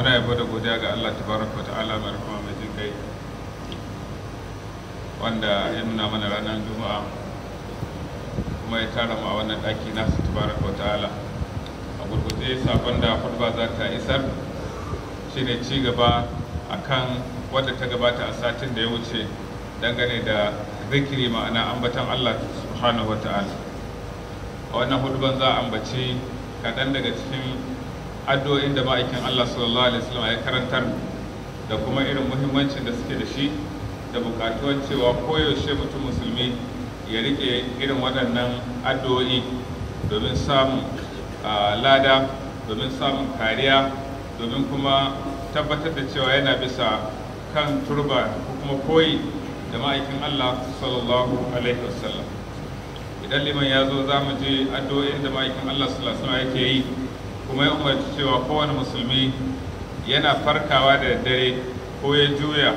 muna yabo da godiya ga Allah tabaraka wa ta'ala mai rahama mai jin kai wanda ya nuna mana ranar juma'a kuma ya tara mu a wannan daki nasu tabaraka wa ta'ala a gurguje sabon da fudba za ta isar shine ci gaba akan wadda ta gabata a satin da ya wuce dangane da zikiri ma'ana ambatan Allah subhanahu wa ta'ala a wannan huduban za a ambaci kaɗan daga cikin addu'o'in da ma'aikin Allah sallallahu alaihi wasallam ya karantar da kuma irin muhimmancin da suke da shi da bukatuwar cewa koyaushe mutum musulmi ya rike irin waɗannan addu'o'i domin samun lada domin samun kariya domin kuma tabbatar da cewa yana bisa kan turba ko kuma koyi da ma'aikin Allah sallallahu alaihi wasallam idan liman ya zo za mu je addu'o'in da ma'aikin Allah sallallahu alaihi wasallam yake yi kuma ya umarci cewa kowane musulmi yana farkawa da dare ko ya juya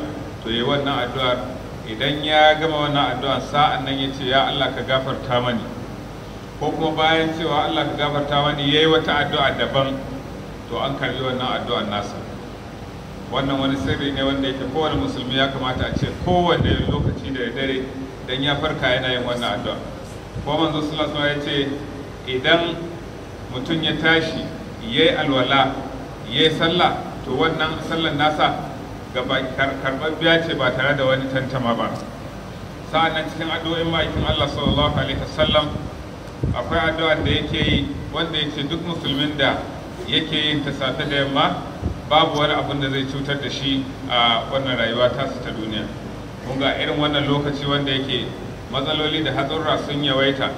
to yi wannan addu'ar idan ya gama wannan addu'ar sa'an nan ya ce ya Allah ka gafarta mani ko kuma bayan cewa Allah ka gafarta mani ya yi wata addu'a daban to an karbi wannan addu'ar nasa wannan wani sirri ne wanda yake kowane musulmi ya kamata a ce kowane lokaci da dare idan ya farka yana yin wannan addu'a ko manzo sallallahu alaihi ya ce idan mutum ya tashi yayi alwala yayi sallah to wannan sallan nasa gaba karɓar ce ba tare da wani tantama ba sa'annan cikin addu'o'in ma'aikin Allah sallallahu alaihi wasallam akwai addu'a da yake yi wanda yake duk musulmin da yake yin ta sata da yamma babu wani abin da zai cutar da shi a wannan rayuwa tasu ta duniya kun ga irin wannan lokaci wanda yake matsaloli da hatsurra sun yawaita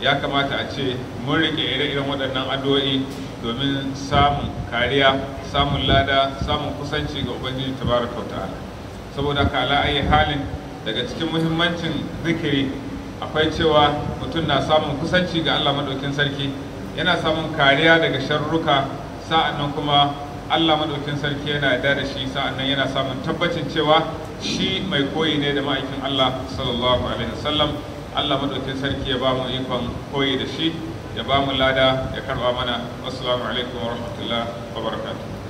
ya kamata a ce mun rike ire-iren waɗannan addu'o'i domin samun kariya samun lada samun kusanci ga ubangiji tabaraka ta'ala saboda kala ayi halin daga cikin muhimmancin zikiri akwai cewa mutum na samun kusanci ga Allah madaukin sarki yana samun kariya daga sharruka nan kuma Allah madaukin sarki yana yarda da shi sa'an nan yana samun tabbacin cewa shi mai koyi ne da ma'aikin Allah sallallahu alaihi wasallam Allah madaukin sarki ya ba mu ikon koyi da shi ya ba mu lada ya karba mana assalamu alaikum wa rahmatullah wa barakatuh